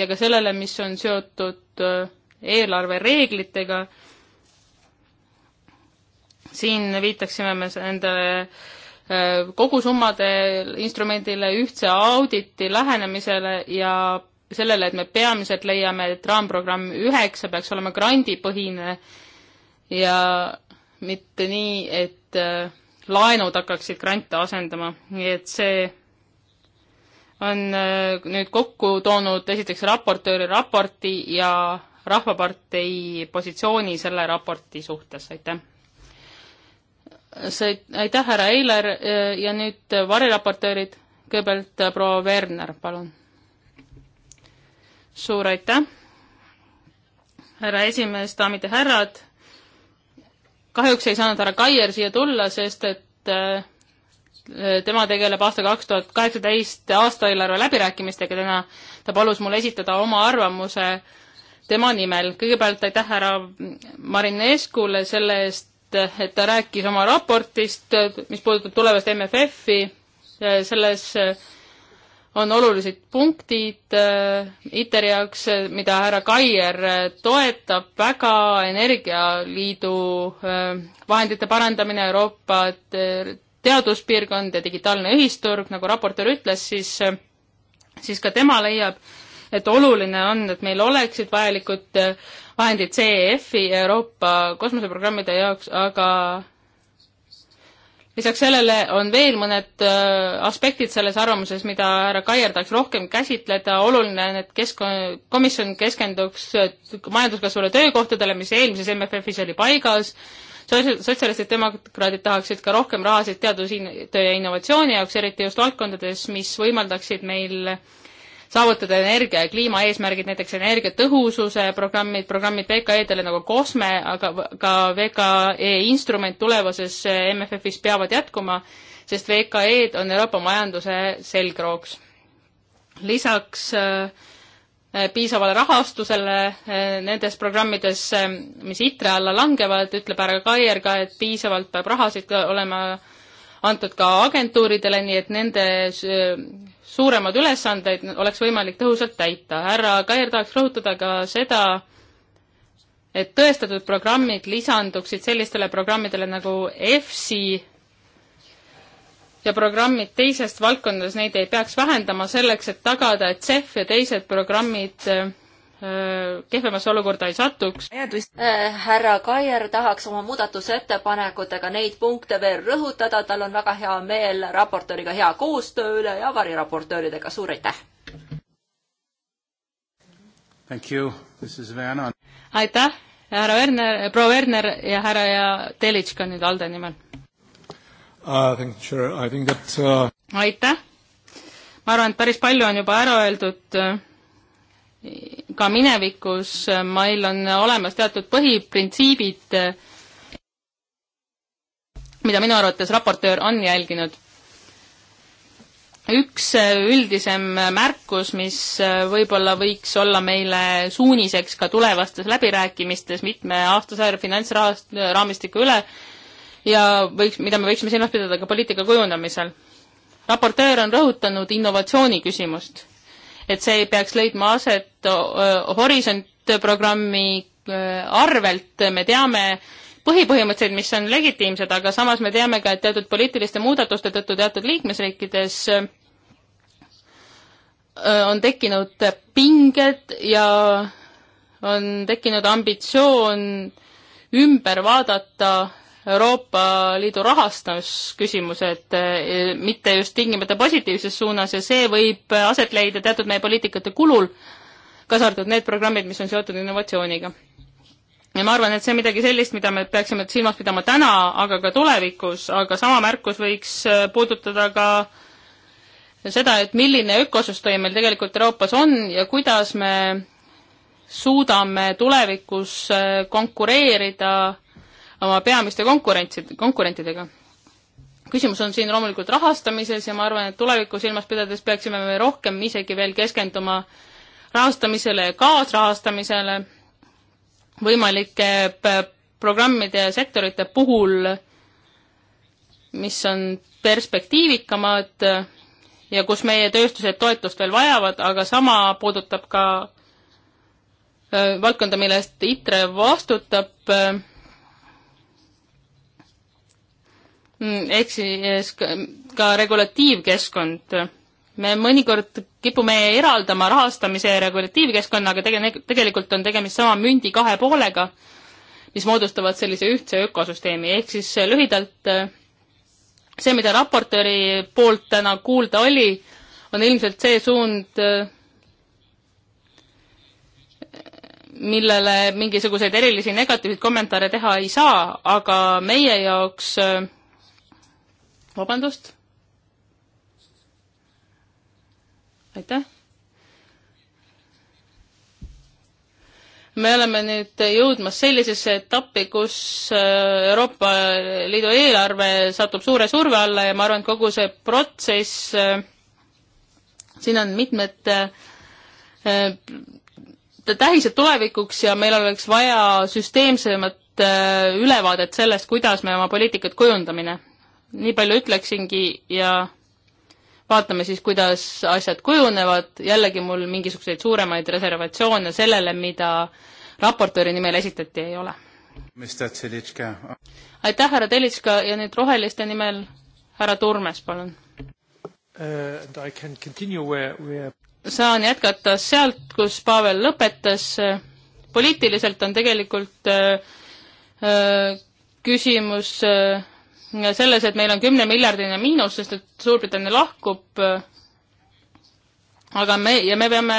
ja ka sellele, mis on seotud eelarvereeglitega. siin viitaksime me nendele kogusummade instrumendile, ühtse auditi lähenemisele ja sellele, et me peamiselt leiame, et raamprogramm üheksa peaks olema grandipõhine ja mitte nii, et äh, laenud hakkaksid grante asendama, nii et see on äh, nüüd kokku toonud esiteks raportööri raporti ja Rahvapartei positsiooni selle raporti suhtes, aitäh! see, aitäh, härra Eiler äh, ja nüüd äh, variraportöörid, kõigepealt äh, proua Werner, palun! suur aitäh, härra esimees, daamid ja härrad. kahjuks ei saanud härra Kaier siia tulla, sest et äh, tema tegeleb aasta kaks tuhat kaheksateist aastaeelarve läbirääkimistega täna. ta palus mul esitada oma arvamuse tema nimel. kõigepealt aitäh härra Marineskule selle eest, et ta rääkis oma raportist, mis puudutab tulevast MFF-i. Äh, selles äh, on olulised punktid äh, ITER-i jaoks, äh, mida härra Kaier äh, toetab väga, Energialiidu vahendite parandamine, Euroopa teaduspiirkond ja digitaalne ühisturg, nagu raportöör ütles, siis, siis ka tema leiab, et oluline on, et meil oleksid vajalikud vahendid CEF-i ja Euroopa kosmoseprogrammide jaoks, aga lisaks sellele on veel mõned äh, aspektid selles arvamuses, mida härra Kaier tahaks rohkem käsitleda, oluline on, et kesk-, komisjon keskenduks äh, majanduskasvule töökohtadele, mis eelmises MFF-is oli paigas, sotsialistid, demokraadid tahaksid ka rohkem rahasid teadustöö ja innovatsiooni jaoks, eriti just valdkondades, mis võimaldaksid meil äh, saavutada energia ja kliimaeesmärgid, näiteks energiatõhususe programmid, programmid VKE-dele nagu COSME, aga ka VKE instrument tulevases MFF-is peavad jätkuma, sest VKE-d on Euroopa majanduse selgrooks. lisaks äh, piisavale rahastusele äh, nendes programmides, äh, mis ITRE alla langevad, ütleb härra Kaier ka, et piisavalt peab rahasid olema antud ka agentuuridele, nii et nende suuremad ülesanded oleks võimalik tõhusalt täita. härra Kair tahaks rõhutada ka seda, et tõestatud programmid lisanduksid sellistele programmidele nagu EFSI ja programmid teisest valdkondadest, neid ei peaks vähendama selleks, et tagada, et CEF ja teised programmid Äh, kehvemasse olukorda ei satuks. Äh, härra Kaier tahaks oma muudatusettepanekutega neid punkte veel rõhutada, tal on väga hea meel raportööriga hea koostöö üle ja variraportööridega, suur aitäh! aitäh, härra Werner, proua Werner ja härra ja Telitška nüüd Alde nimel uh,. Sure. Uh... aitäh! ma arvan, et päris palju on juba ära öeldud uh, ka minevikus äh, meil on olemas teatud põhiprintsiibid, äh, mida minu arvates raportöör on jälginud. üks äh, üldisem märkus, mis võib-olla võiks olla meile suuniseks ka tulevastes läbirääkimistes mitmeaastase finantsraamistiku üle ja võiks, mida me võiksime silmas pidada ka poliitika kujundamisel. raportöör on rõhutanud innovatsiooni küsimust et see ei peaks leidma aset Horisont programmi arvelt, me teame põhipõhimõtteid, mis on legitiimsed, aga samas me teame ka, et teatud poliitiliste muudatuste tõttu teatud liikmesriikides on tekkinud pinged ja on tekkinud ambitsioon ümber vaadata Euroopa Liidu rahastusküsimused, eh, mitte just tingimata positiivses suunas ja see võib aset leida teatud meie poliitikate kulul, kaasa arvatud need programmid, mis on seotud innovatsiooniga. ja ma arvan, et see on midagi sellist, mida me peaksime silmas pidama täna, aga ka tulevikus, aga sama märkus võiks eh, puudutada ka seda, et milline ökosüsteem meil tegelikult Euroopas on ja kuidas me suudame tulevikus eh, konkureerida oma peamiste konkurentsid, konkurentidega. küsimus on siin loomulikult rahastamises ja ma arvan, et tulevikku silmas pidades peaksime me rohkem isegi veel keskenduma rahastamisele ja kaasrahastamisele võimalike programmide ja sektorite puhul, mis on perspektiivikamad ja kus meie tööstused toetust veel vajavad, aga sama puudutab ka äh, valdkonda, mille eest ITRE vastutab äh, Mm, ehk siis eh, ka regulatiivkeskkond. me mõnikord kipume eraldama rahastamise ja regulatiivkeskkonnaga, tegelikult on tegemist sama mündi kahe poolega, mis moodustavad sellise ühtse ökosüsteemi, ehk siis eh, lühidalt eh, see, mida raportööri poolt täna kuulda oli, on ilmselt see suund, millele mingisuguseid erilisi negatiivseid kommentaare teha ei saa, aga meie jaoks äh, vabandust. aitäh. me oleme nüüd jõudmas sellisesse etappi, kus äh, Euroopa Liidu eelarve satub suure surve alla ja ma arvan, et kogu see protsess, äh, siin on mitmed äh, tähised tulevikuks ja meil oleks vaja süsteemsemat ülevaadet sellest, kuidas me oma poliitikat kujundamine nii palju ütleksingi ja vaatame siis, kuidas asjad kujunevad, jällegi mul mingisuguseid suuremaid reservatsioone sellele, mida raportööri nimel esitati, ei ole. aitäh, härra Telitska ja nüüd Roheliste nimel härra Turmes, palun uh,. Where... saan jätkata sealt, kus Pavel lõpetas. poliitiliselt on tegelikult uh, uh, küsimus uh, selles, et meil on kümne miljardiline miinus, sest et Suurbritannia lahkub. aga me, ja me peame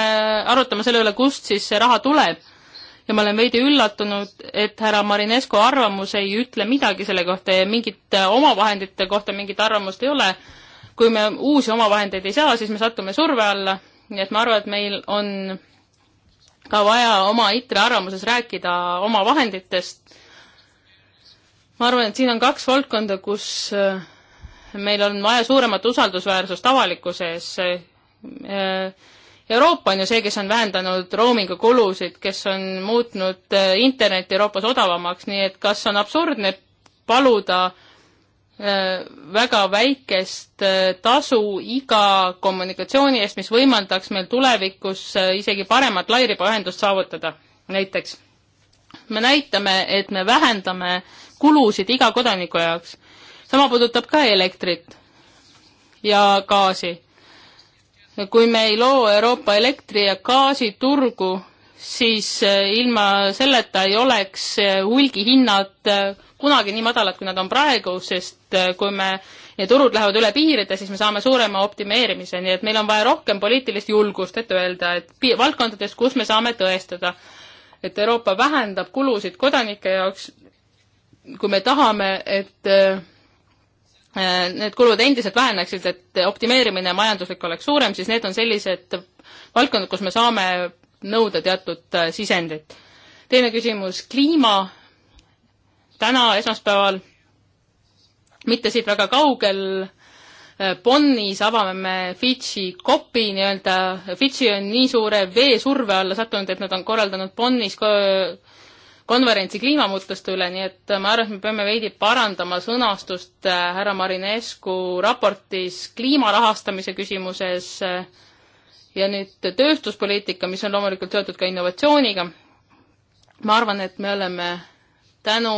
arutama selle üle, kust siis see raha tuleb. ja ma olen veidi üllatunud, et härra Marinesko arvamus ei ütle midagi selle kohta ja mingit omavahendite kohta mingit arvamust ei ole. kui me uusi omavahendeid ei saa, siis me satume surve alla, nii et ma arvan, et meil on ka vaja oma ITRE arvamuses rääkida omavahenditest ma arvan, et siin on kaks valdkonda, kus äh, meil on vaja suuremat usaldusväärsust avalikkuse ees. Äh, Euroopa on ju see, kes on vähendanud roomingu kulusid, kes on muutnud äh, interneti Euroopas odavamaks, nii et kas on absurdne paluda väga väikest tasu iga kommunikatsiooni eest, mis võimaldaks meil tulevikus isegi paremat lairibaühendust saavutada, näiteks me näitame, et me vähendame kulusid iga kodaniku jaoks. sama puudutab ka elektrit ja gaasi. kui me ei loo Euroopa elektri- ja gaasiturgu, siis eh, ilma selleta ei oleks eh, hulgihinnad eh, kunagi nii madalad, kui nad on praegu, sest kui me ja turud lähevad üle piiride, siis me saame suurema optimeerimise, nii et meil on vaja rohkem poliitilist julgust, et öelda, et valdkondades, kus me saame tõestada, et Euroopa vähendab kulusid kodanike jaoks, kui me tahame, et äh, need kulud endiselt väheneksid, et optimeerimine majanduslik oleks suurem, siis need on sellised valdkonnad, kus me saame nõuda teatud äh, sisendit. teine küsimus, kliima. täna esmaspäeval, mitte siit väga kaugel, Äh, Bonnis avame me Fidži kopi nii-öelda, Fidži on nii suure veesurve alla sattunud, et nad on korraldanud Bonnis ko konverentsi kliimamuutuste üle, nii et ma arvan, et me peame veidi parandama sõnastust äh, härra Marinescu raportis kliima rahastamise küsimuses äh, ja nüüd tööstuspoliitika, mis on loomulikult seotud ka innovatsiooniga. ma arvan, et me oleme tänu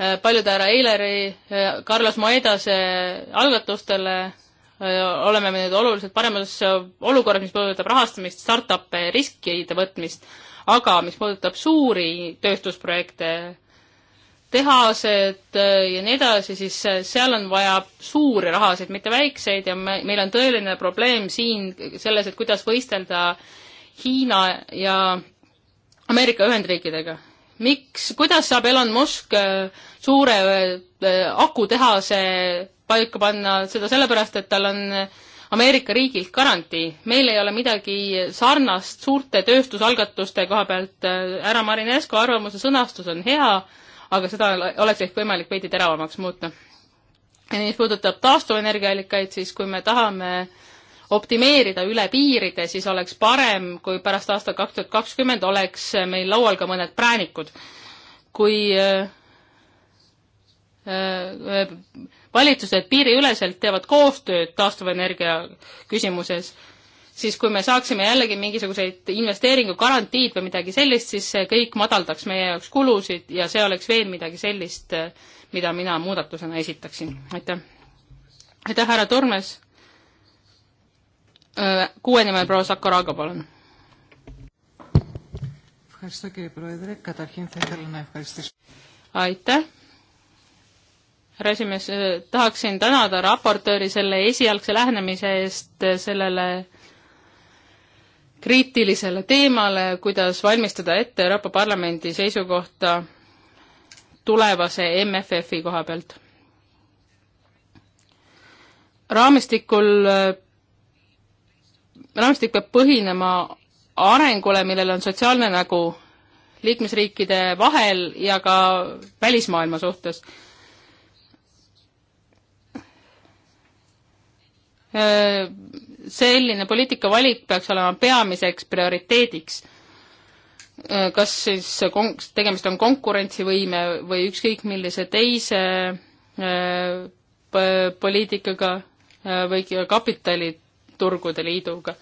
Äh, paljude härra Eileri, äh, Carlos Moedase äh, algatustele oleme me nüüd oluliselt paremas olukorras, mis puudutab rahastamist, startup'e, riskide võtmist, aga mis puudutab suuri tööstusprojekte, tehased ja nii edasi, siis seal on vaja suuri rahasid, mitte väikseid ja me, meil on tõeline probleem siin selles, et kuidas võistelda Hiina ja Ameerika Ühendriikidega miks, kuidas saab Elon Musk äh, suure äh, akutehase paika panna, seda sellepärast, et tal on äh, Ameerika riigilt garantii. meil ei ole midagi sarnast suurte tööstusalgatuste koha pealt, härra Marinesko arvamuse sõnastus on hea, aga seda oleks ehk võimalik veidi teravamaks muuta. mis puudutab taastuvenergiaallikaid, siis kui me tahame äh, optimeerida üle piiride, siis oleks parem, kui pärast aastat kaks tuhat kakskümmend oleks meil laual ka mõned präänikud. kui äh, äh, valitsused piiriüleselt teevad koostööd taastuvenergia küsimuses, siis kui me saaksime jällegi mingisuguseid investeeringugarantiid või midagi sellist, siis see kõik madaldaks meie jaoks kulusid ja see oleks veel midagi sellist, mida mina muudatusena esitaksin. aitäh. aitäh, härra Turmes kuue nimel proua Sakaraga, palun. aitäh. härra esimees, tahaksin tänada raportööri selle esialgse lähenemise eest sellele kriitilisele teemale, kuidas valmistada ette Euroopa Parlamendi seisukohta tulevase MFF-i koha pealt. raamistikul raamistik peab põhinema arengule, millel on sotsiaalne nägu liikmesriikide vahel ja ka välismaailma suhtes. selline poliitikavalik peaks olema peamiseks prioriteediks. kas siis kon-, tegemist on konkurentsivõime või ükskõik millise teise poliitikaga või kapitaliturgude liiduga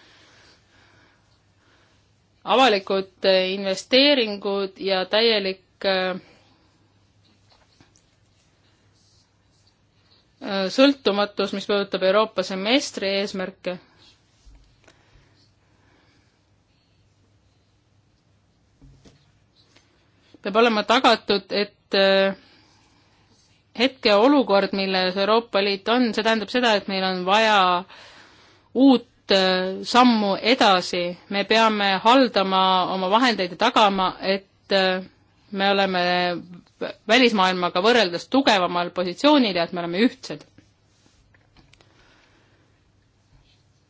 avalikud eh, investeeringud ja täielik eh, eh, sõltumatus, mis puudutab Euroopa semestri eesmärke. peab olema tagatud, et hetkeolukord, milles Euroopa Liit on, see tähendab seda, et meil on vaja uut suurt äh, sammu edasi, me peame haldama oma vahendeid ja tagama, et äh, me oleme välismaailmaga võrreldes tugevamal positsioonil ja et me oleme ühtsed.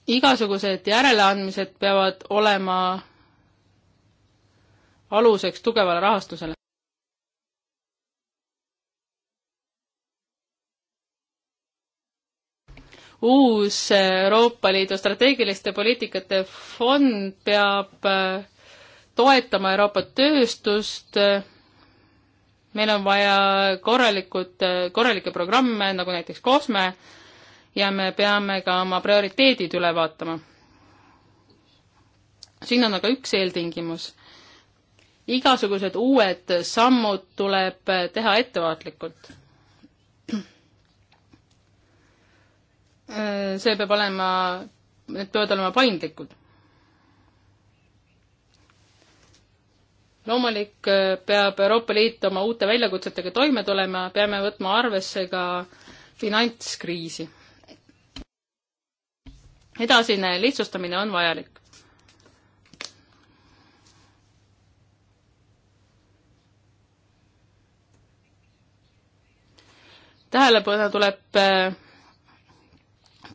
igasugused järeleandmised peavad olema aluseks tugevale rahastusele. uus Euroopa Liidu strateegiliste poliitikate fond peab äh, toetama Euroopa tööstust, meil on vaja korralikud, äh, korralikke programme, nagu näiteks COSME, ja me peame ka oma prioriteedid üle vaatama. siin on aga üks eeltingimus. igasugused uued sammud tuleb teha ettevaatlikult Äh, see peab olema, need peavad olema paindlikud. loomulik äh, peab Euroopa Liit oma uute väljakutsetega toime tulema, peame võtma arvesse ka finantskriisi. edasine lihtsustamine on vajalik. tähelepanu tuleb äh,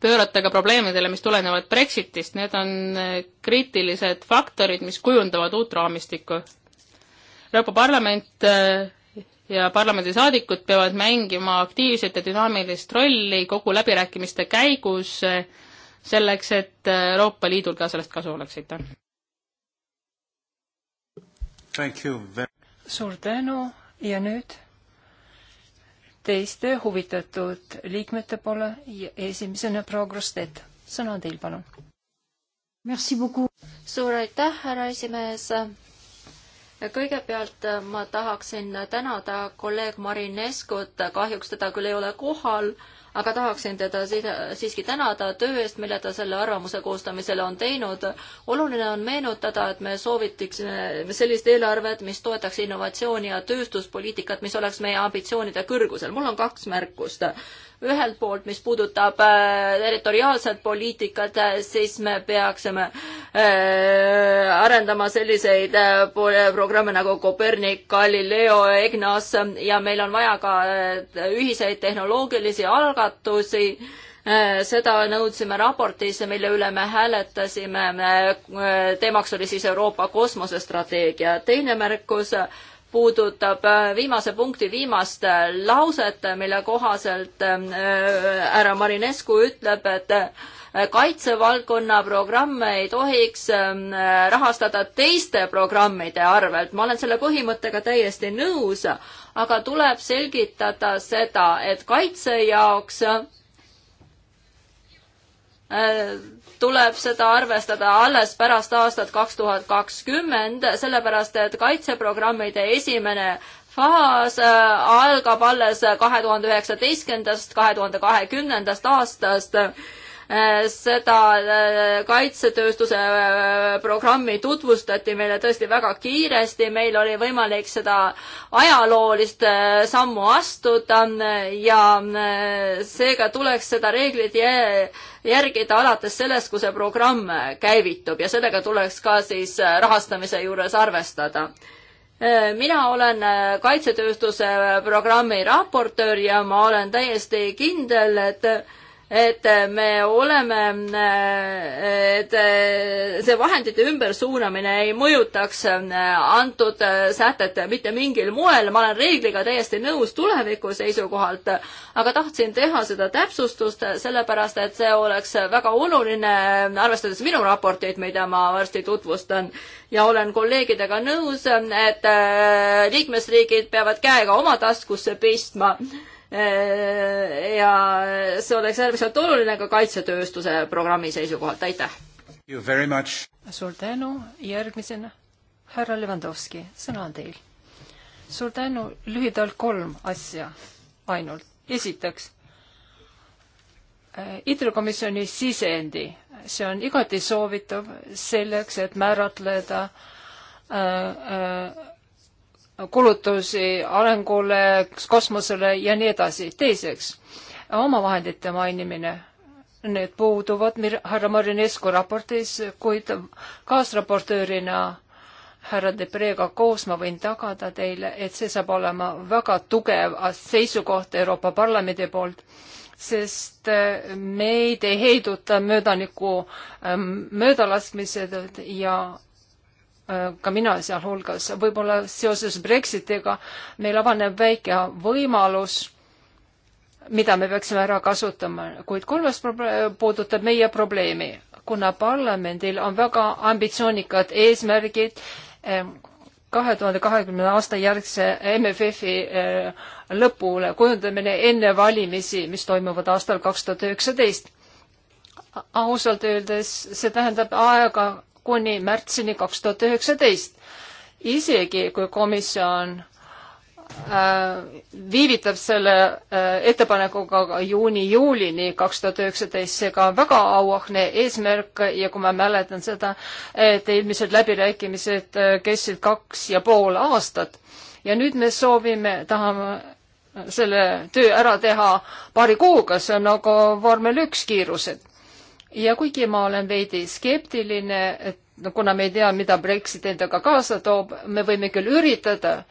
pöörata ka probleemidele, mis tulenevad Brexitist, need on äh, kriitilised faktorid, mis kujundavad uut raamistikku. Euroopa Parlament äh, ja parlamendisaadikud peavad mängima aktiivset ja dünaamilist rolli kogu läbirääkimiste käigus, äh, selleks et Euroopa Liidul ka sellest kasu oleks, aitäh! suur tänu ja nüüd teiste huvitatud liikmete poole ja esimesena proua Krustet. sõna on teil, palun. suur aitäh, härra esimees kõigepealt äh, ma tahaksin tänada kolleeg Marineskut, kahjuks teda küll ei ole kohal, aga tahaksin teda äh, siiski tänada töö eest, mille ta selle arvamuse koostamisele on teinud. oluline on meenutada, et me soovitaksime sellist eelarvet, mis toetaks innovatsiooni ja tööstuspoliitikat, mis oleks meie ambitsioonide kõrgusel. mul on kaks märkust ühelt poolt, mis puudutab äh, territoriaalset poliitikat, äh, siis me peaksime äh, arendama selliseid programme nagu Copernic, Galileo, EGNAS ja meil on vaja ka ühiseid tehnoloogilisi algatusi seda nõudsime raportis, mille üle me hääletasime. teemaks oli siis Euroopa kosmosestrateegia. teine märkus puudutab äh, viimase punkti viimast äh, lauset, mille kohaselt äh, härra Marinescu ütleb, et kaitsevaldkonna programme ei tohiks ähm, rahastada teiste programmide arvelt. ma olen selle põhimõttega täiesti nõus, aga tuleb selgitada seda, et kaitse jaoks Äh, tuleb seda arvestada alles pärast aastat kaks tuhat kakskümmend, sellepärast et kaitseprogrammide esimene faas äh, algab alles kahe tuhande üheksateistkümnendast, kahe tuhande kahekümnendast aastast äh, seda kaitsetööstuse programmi tutvustati meile tõesti väga kiiresti, meil oli võimalik seda ajaloolist sammu astuda ja seega tuleks seda reeglit järgida alates sellest, kui see programm käivitub ja sellega tuleks ka siis äh, rahastamise juures arvestada. Äh, mina olen äh, kaitsetööstuse programmi raportöör ja ma olen täiesti kindel, et et me oleme, et see vahendite ümbersuunamine ei mõjutaks antud sätet mitte mingil moel, ma olen reegliga täiesti nõus tuleviku seisukohalt, aga tahtsin teha seda täpsustust, sellepärast et see oleks väga oluline, arvestades minu raportit, mida ma varsti tutvustan, ja olen kolleegidega nõus, et liikmesriigid peavad käega oma taskusse pistma Äh, ja see oleks äärmiselt oluline ka kaitsetööstuse programmi seisukohalt, aitäh! suur tänu, järgmisena härra Levandovski, sõna on teil. suur tänu, lühidalt kolm asja ainult. esiteks, äh, idrikomisjoni sisendi, see on igati soovitav selleks, et määratleda äh, äh, kulutusi arengule, kosmosele ja nii edasi. teiseks, omavahendite mainimine. Need puuduvad härra Marinescu raportis, kuid kaasraportöörina härra Debrega koos ma võin tagada teile, et see saab olema väga tugev seisukoht Euroopa Parlamendi poolt, sest äh, meid ei heiduta möödaniku ähm, möödalaskmised ja ka mina sealhulgas, võib-olla seoses Brexitiga meil avaneb väike võimalus, mida me peaksime ära kasutama, kuid kolmas puudutab meie probleemi, kuna parlamendil on väga ambitsioonikad eesmärgid eh, kahe tuhande kahekümne aasta järgse MFF-i eh, lõpule kujundamine enne valimisi, mis toimuvad aastal kaks tuhat üheksateist. ausalt öeldes see tähendab aega kuni märtsini kaks tuhat üheksateist. isegi kui komisjon äh, viivitab selle äh, ettepanekuga juuni-juulini kaks tuhat üheksateist, seega on väga auahne eesmärk ja kui ma mäletan seda, et eelmised läbirääkimised äh, kestsid kaks ja pool aastat ja nüüd me soovime, tahame selle töö ära teha paari kuuga, see on nagu vormel üks kiirused ja kuigi ma olen veidi skeptiline, et no kuna me ei tea, mida Brexit endaga kaasa toob, me võime küll üritada,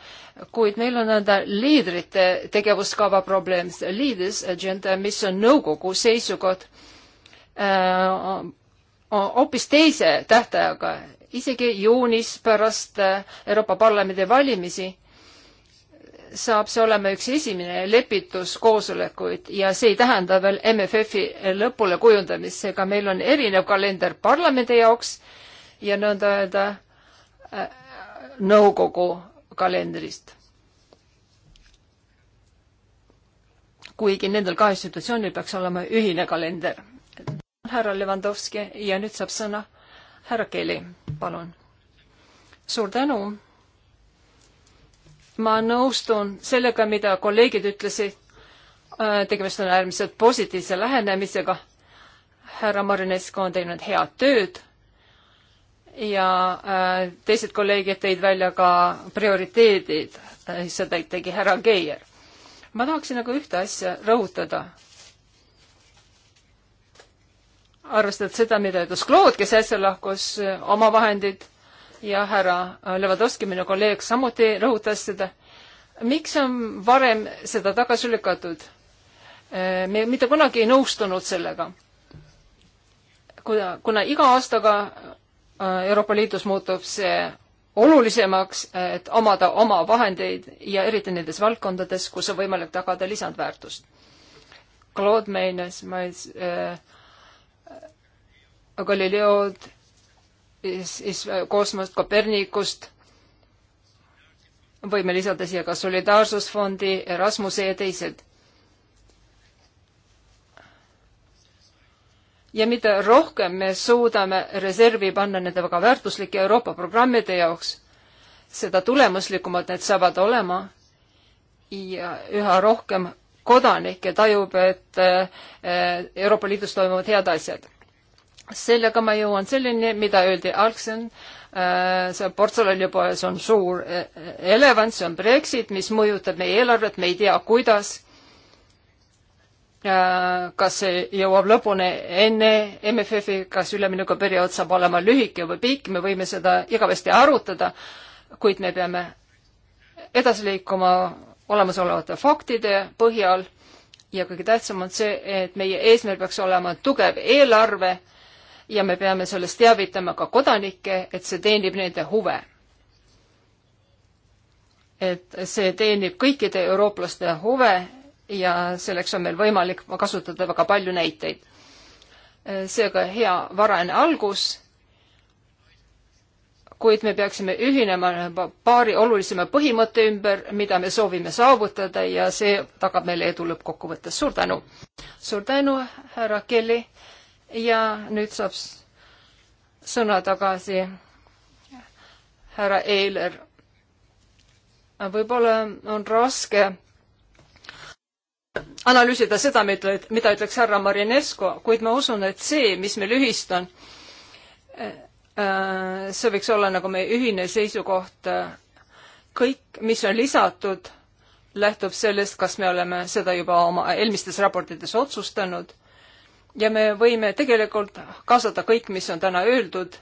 kuid meil on nõnda liidrite tegevuskava probleem, leaders agenda, mis on nõukogu seisukoht äh, hoopis äh, teise tähtajaga, isegi juunis pärast äh, Euroopa Parlamendi valimisi saab see olema üks esimene lepituskoosolekuid ja see ei tähenda veel MFF-i lõpule kujundamist, seega meil on erinev kalender parlamendi jaoks ja nõnda öelda äh, nõukogu kalendrist. kuigi nendel kahe institutsioonil peaks olema ühine kalender. härra Levandovski ja nüüd saab sõna härra Keli, palun. suur tänu ma nõustun sellega, mida kolleegid ütlesid. Äh, tegemist on äärmiselt positiivse lähenemisega. härra Marinesko on teinud head tööd ja äh, teised kolleegid tõid välja ka prioriteedid, äh, seda tegi härra Geier. ma tahaksin aga ühte asja rõhutada. arvestades seda, mida ütles Claude, kes äsja lahkus, omavahendid ja härra Levadovski, minu kolleeg, samuti rõhutas seda. miks on varem seda tagasi lükatud? Äh, me mitte kunagi ei nõustunud sellega. kuna, kuna iga aastaga äh, Euroopa Liidus muutub see olulisemaks, et omada oma vahendeid ja eriti nendes valdkondades, kus on võimalik tagada lisandväärtust. Claude Meines, äh, Galileo siis kosmost Kopernikust. võime lisada siia ka Solidaarsusfondi, Erasmuse ja teised. ja mida rohkem me suudame reservi panna nende väga väärtuslike Euroopa programmide jaoks, seda tulemuslikumad need saavad olema ja üha rohkem kodanikke tajub, et eh, Euroopa Liidus toimuvad head asjad sellega ma jõuan selleni, mida öeldi algselt, äh, see portselanipoes on suur äh, elevant, see on Brexit, mis mõjutab meie eelarvet, me ei tea, kuidas. Äh, kas see jõuab lõpuni enne MFF-i, kas üleminekuperiood saab olema lühike või pikk, me võime seda igavesti arutada, kuid me peame edasi liikuma olemasolevate faktide põhjal ja kõige tähtsam on see, et meie eesmärk peaks olema tugev eelarve ja me peame sellest teavitama ka kodanikke, et see teenib nende huve. et see teenib kõikide eurooplaste huve ja selleks on meil võimalik kasutada väga palju näiteid. seega hea varajane algus, kuid me peaksime ühinema paari olulisema põhimõtte ümber, mida me soovime saavutada ja see tagab meile edu lõppkokkuvõttes. suur tänu! suur tänu, härra Kelly! ja nüüd saab sõna tagasi härra Eiler. võib-olla on raske analüüsida seda, mida ütleks härra Marinesko, kuid ma usun, et see, mis meil ühist on, eh, eh, see võiks olla nagu meie ühine seisukoht. Eh, kõik, mis on lisatud, lähtub sellest, kas me oleme seda juba oma eelmistes raportites otsustanud ja me võime tegelikult kasutada kõik, mis on täna öeldud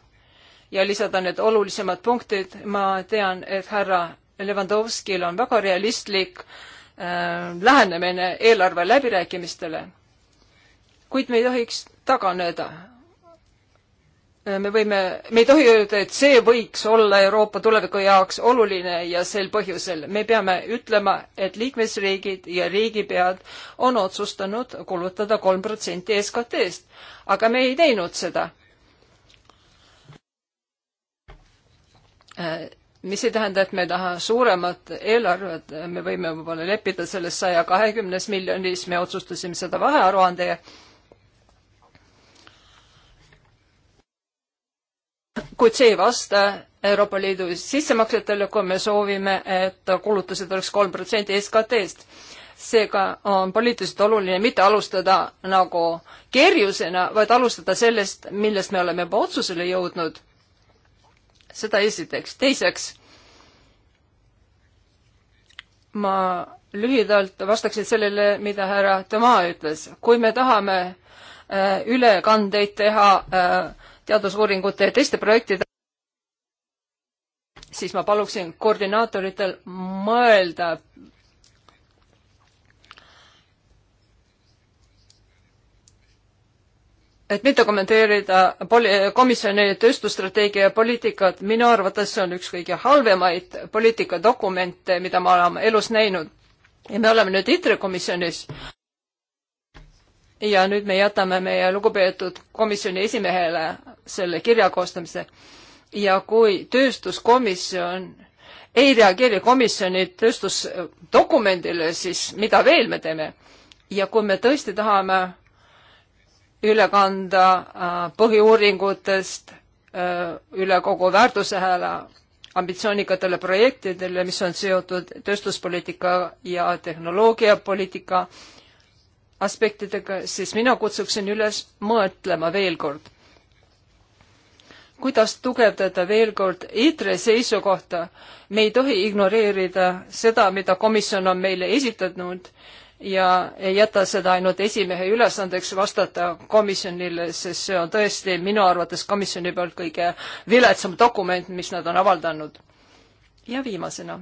ja lisada need olulisemad punktid. ma tean, et härra Levandovskil on väga realistlik äh, lähenemine eelarve läbirääkimistele. kuid me ei tohiks taganeda me võime, me ei tohi öelda, et see võiks olla Euroopa tuleviku jaoks oluline ja sel põhjusel me peame ütlema, et liikmesriigid ja riigipead on otsustanud kulutada kolm protsenti SKT-st, SKT aga me ei teinud seda. Äh, mis ei tähenda, et me ei taha suuremat eelarvet, me võime võib-olla leppida selles saja kahekümnes miljonis, me otsustasime seda vahearuande kuid see ei vasta Euroopa Liidu sissemaksetele, kui me soovime, et kulutused oleks kolm protsenti SKT-st. seega on poliitiliselt oluline mitte alustada nagu kerjusena, vaid alustada sellest, millest me oleme juba otsusele jõudnud. seda esiteks. teiseks, ma lühidalt vastaksin sellele, mida härra Toma ütles. kui me tahame äh, ülekandeid teha äh, teadusuuringute ja teiste projektide, siis ma paluksin koordinaatoritel mõelda et mitte kommenteerida poli-, komisjoni tööstusstrateegia ja poliitikat, minu arvates see on üks kõige halvemaid poliitikadokumente, mida ma olen elus näinud. ja me oleme nüüd ITRE komisjonis ja nüüd me jätame meie lugupeetud komisjoni esimehele selle kirja koostamise. ja kui tööstuskomisjon ei reageeri komisjoni tööstusdokumendile, siis mida veel me teeme? ja kui me tõesti tahame üle kanda äh, põhiuuringutest äh, üle kogu väärtusahela ambitsioonikatele projektidele, mis on seotud tööstuspoliitika ja tehnoloogiapoliitika aspektidega, siis mina kutsuksin üles mõtlema veel kord. kuidas tugevdada veel kord ITRE seisukohta, me ei tohi ignoreerida seda, mida komisjon on meile esitanud ja ei jäta seda ainult esimehe ülesandeks vastata komisjonile, sest see on tõesti minu arvates komisjoni poolt kõige viletsam dokument, mis nad on avaldanud. ja viimasena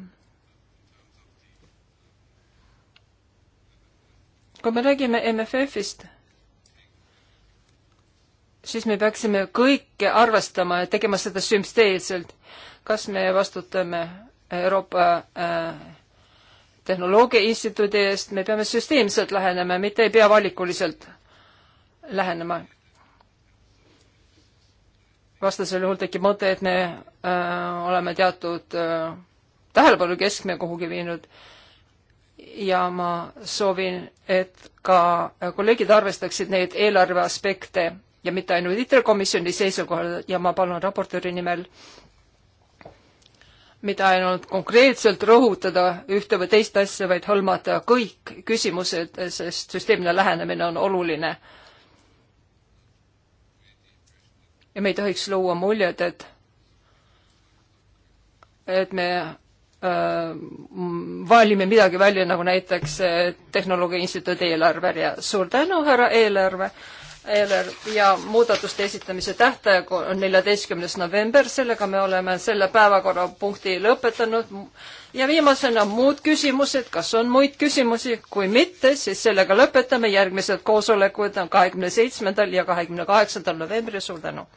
kui me räägime MFF-ist, siis me peaksime kõike arvestama ja tegema seda süsteemselt. kas me vastutame Euroopa äh, Tehnoloogia Instituudi eest, me peame süsteemselt lähenema, mitte ei pea valikuliselt lähenema. vastasel juhul tekib mõte, et me äh, oleme teatud äh, tähelepanu keskme kuhugi viinud äh, ja ma soovin, et ka kolleegid arvestaksid neid eelarve aspekte ja mitte ainult ITRE komisjoni seisukohal ja ma palun raportööri nimel mitte ainult konkreetselt rõhutada ühte või teist asja, vaid hõlmata kõik küsimused, sest süsteemne lähenemine on oluline. ja me ei tohiks luua muljet, et et me valime midagi välja, nagu näiteks e, Tehnoloogia Instituudi eelarve ja suur tänu, härra eelarve, eelarve ja muudatuste esitamise tähtaeg on neljateistkümnes november, sellega me oleme selle päevakorrapunkti lõpetanud ja viimasena muud küsimused, kas on muid küsimusi, kui mitte, siis sellega lõpetame, järgmised koosolekud on kahekümne seitsmendal ja kahekümne kaheksandal novembril, suur tänu!